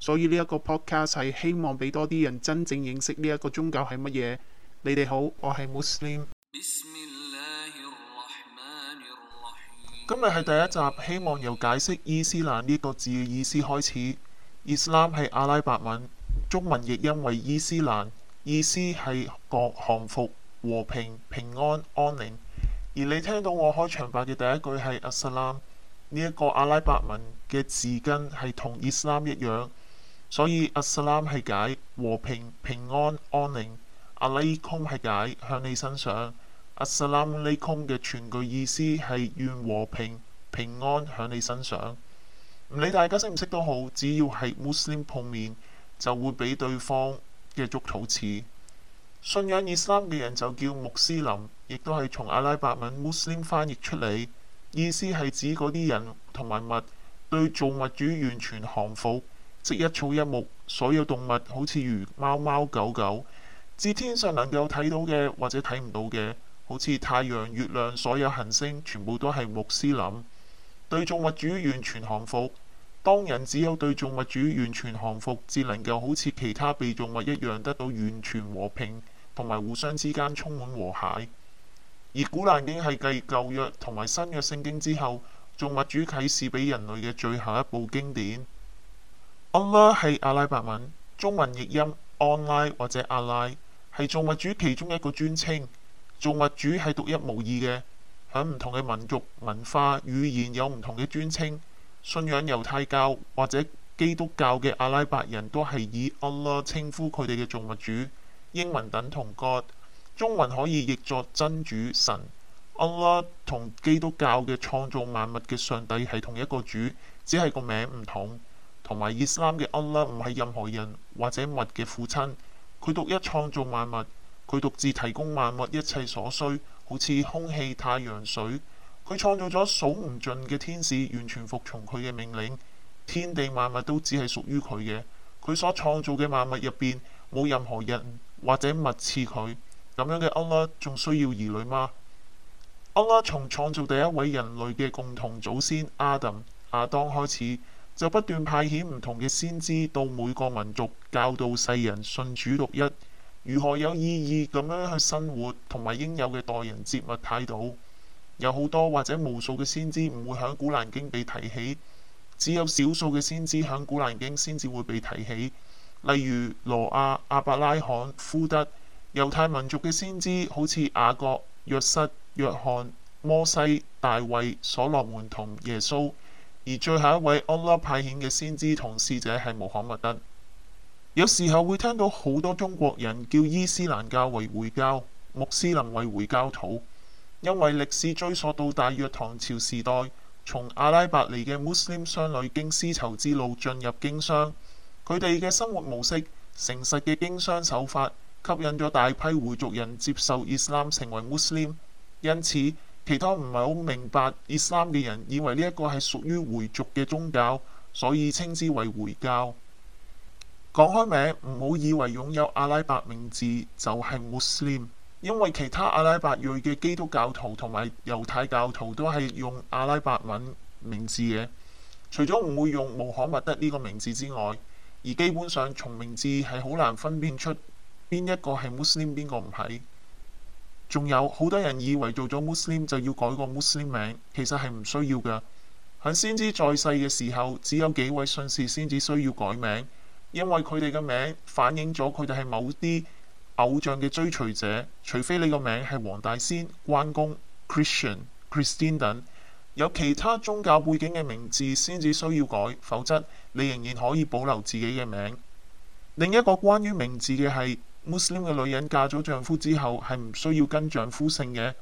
所以呢一個 podcast 係希望俾多啲人真正認識呢一個宗教係乜嘢。你哋好，我係 Muslim。今日係第一集，希望由解釋伊斯蘭呢個字嘅意思開始。Islam 係阿拉伯文，中文譯音為伊斯蘭，意思係國降服、和平、平安、安寧。而你聽到我開場白嘅第一句係 Assalam 呢一個阿拉伯文嘅字根係同 Islam 一樣。所以阿薩拉姆係解和平、平安、安寧。阿拉伊空係解響你身上。阿薩拉姆阿拉伊空嘅全句意思係願和平、平安響你身上。唔理大家識唔識都好，只要係穆斯林碰面，就會俾對方嘅祝禱詞。信仰伊斯蘭嘅人就叫穆斯林，亦都係從阿拉伯文穆斯林翻譯出嚟，意思係指嗰啲人同埋物對造物主完全降服。即一草一木，所有動物好似如貓貓狗狗，至天上能夠睇到嘅或者睇唔到嘅，好似太陽、月亮，所有行星全部都係穆斯林，對眾物主完全降服。當人只有對眾物主完全降服，至能夠好似其他被眾物一樣得到完全和平，同埋互相之間充滿和諧。而《古蘭經》係繼舊約同埋新約聖經之後，眾物主啟示俾人類嘅最後一部經典。安拉係阿拉伯文，中文譯音安拉或者阿拉，係造物主其中一個尊稱。造物主係獨一無二嘅，響唔同嘅民族、文化、語言有唔同嘅尊稱。信仰猶太教或者基督教嘅阿拉伯人都係以安拉稱呼佢哋嘅造物主。英文等同 God，中文可以譯作真主、神。安拉同基督教嘅創造萬物嘅上帝係同一個主，只係個名唔同。同埋熱三嘅安拉唔係任何人或者物嘅父親，佢獨一創造萬物，佢獨自提供萬物一切所需，好似空氣、太陽、水。佢創造咗數唔盡嘅天使，完全服從佢嘅命令。天地萬物都只係屬於佢嘅，佢所創造嘅萬物入邊冇任何人或者物似佢。咁樣嘅安拉仲需要兒女嗎？安拉從創造第一位人類嘅共同祖先 Adam 亞當開始，就不斷派遣唔同嘅先知到每個民族，教導世人信主獨一，如何有意義咁樣去生活，同埋應有嘅待人接物態度。有好多或者無數嘅先知唔會喺《古蘭經》被提起，只有少數嘅先知喺《古蘭經》先至會被提起，例如羅亞、阿伯拉罕、呼德、猶太民族嘅先知，好似雅各、約瑟、約翰、摩西、大衛、所羅門同耶穌。而最後一位安拉派遣嘅先知同使者係穆罕默德。有時候會聽到好多中國人叫伊斯蘭教為回教，穆斯林為回教徒，因為歷史追溯到大約唐朝時代，從阿拉伯嚟嘅穆斯林商旅經絲綢之路進入經商，佢哋嘅生活模式、誠實嘅經商手法，吸引咗大批回族人接受伊斯蘭成為穆斯林，因此，其他唔係好明白伊斯蘭嘅人，以為呢一個係屬於回族嘅宗教，所以稱之為回教。講開名，唔好以為擁有阿拉伯名字就係穆斯林，因為其他阿拉伯裔嘅基督教徒同埋猶太教徒都係用阿拉伯文名字嘅。除咗唔會用穆罕默德呢個名字之外，而基本上從名字係好難分辨出邊一個係穆斯林，邊個唔係。仲有好多人以為做咗穆斯林就要改個穆斯林名，其實係唔需要嘅。喺先知在世嘅時候，只有幾位信士先至需要改名，因為佢哋嘅名反映咗佢哋係某啲偶像嘅追隨者。除非你個名係黃大仙、關公、Christian、Christine 等有其他宗教背景嘅名字先至需要改，否則你仍然可以保留自己嘅名。另一個關於名字嘅係。穆斯林嘅女人嫁咗丈夫之後，係唔需要跟丈夫姓嘅。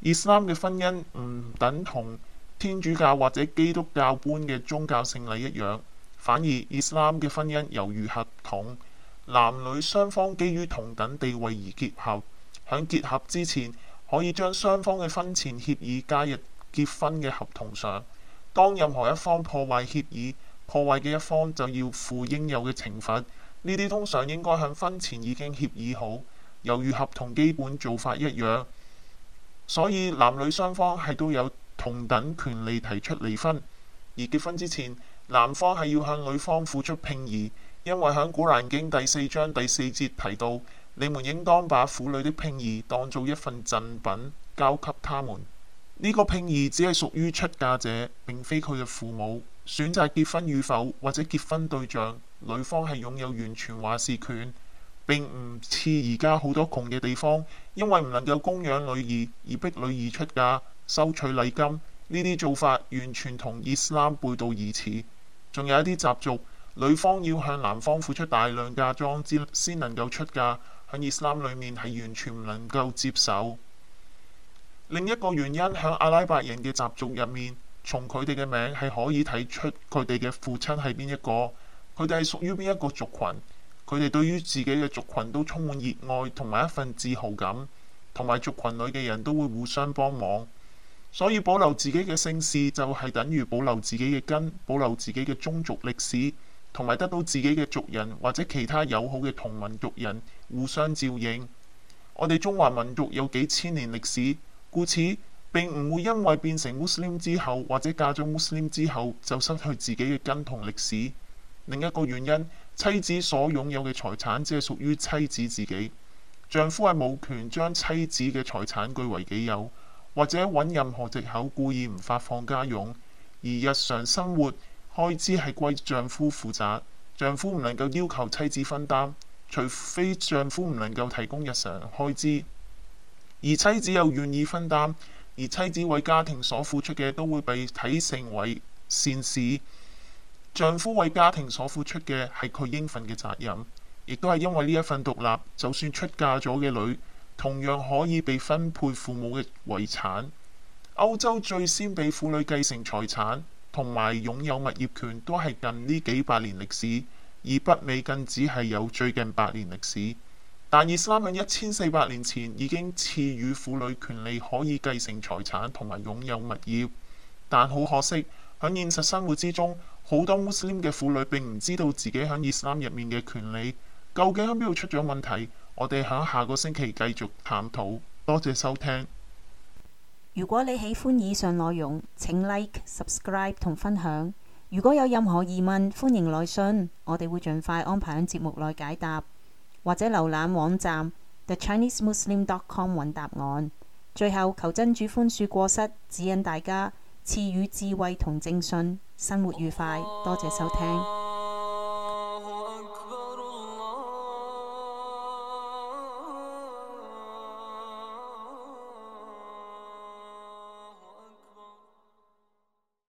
伊斯蘭嘅婚姻唔等同天主教或者基督教般嘅宗教聖禮一樣，反而伊斯蘭嘅婚姻猶如合同，男女雙方基於同等地位而結合。響結合之前，可以將雙方嘅婚前協議加入結婚嘅合同上。當任何一方破壞協議，破壞嘅一方就要付應有嘅懲罰。呢啲通常應該向婚前已經協議好，猶如合同基本做法一樣，所以男女雙方係都有同等權利提出離婚。而結婚之前，男方係要向女方付出聘儀，因為喺《古蘭經》第四章第四節提到，你們應當把婦女的聘儀當做一份贈品交給他們。呢個聘儀只係屬於出嫁者，並非佢嘅父母選擇結婚與否或者結婚對象。女方係擁有完全話事權，並唔似而家好多窮嘅地方，因為唔能夠供養女兒而逼女兒出嫁收取禮金呢啲做法，完全同 Islam 背道而馳。仲有一啲習俗，女方要向男方付出大量嫁妝，之先能夠出嫁，喺 Islam 裡面係完全唔能夠接受。另一個原因喺阿拉伯人嘅習俗入面，從佢哋嘅名係可以睇出佢哋嘅父親係邊一個。佢哋係屬於邊一個族群？佢哋對於自己嘅族群都充滿熱愛同埋一份自豪感，同埋族群裏嘅人都會互相幫忙。所以保留自己嘅姓氏就係等於保留自己嘅根，保留自己嘅宗族歷史，同埋得到自己嘅族人或者其他友好嘅同民族人互相照應。我哋中華民族有幾千年歷史，故此並唔會因為變成 Muslim 之後或者嫁咗 Muslim 之後就失去自己嘅根同歷史。另一個原因，妻子所擁有嘅財產只係屬於妻子自己，丈夫係冇權將妻子嘅財產據為己有，或者揾任何藉口故意唔發放家用。而日常生活開支係歸丈夫負責，丈夫唔能夠要求妻子分擔，除非丈夫唔能夠提供日常開支。而妻子又願意分擔，而妻子為家庭所付出嘅都會被睇成為善事。丈夫為家庭所付出嘅係佢應份嘅責任，亦都係因為呢一份獨立，就算出嫁咗嘅女同樣可以被分配父母嘅遺產。歐洲最先被婦女繼承財產同埋擁有物業權，都係近呢幾百年歷史，而北美更只係有最近百年歷史。但伊斯蘭喺一千四百年前已經賜予婦女權利，可以繼承財產同埋擁有物業。但好可惜，喺現實生活之中。好多穆斯林嘅婦女並唔知道自己喺伊斯蘭入面嘅權利，究竟喺邊度出咗問題？我哋喺下個星期繼續探討。多謝收聽。如果你喜歡以上內容，請 like、subscribe 同分享。如果有任何疑問，歡迎來信，我哋會盡快安排喺節目內解答，或者瀏覽網站 thechinesemuslim.com 揾答案。最後，求真主寬恕過失，指引大家。賜予智慧同正信，生活愉快。多謝收聽。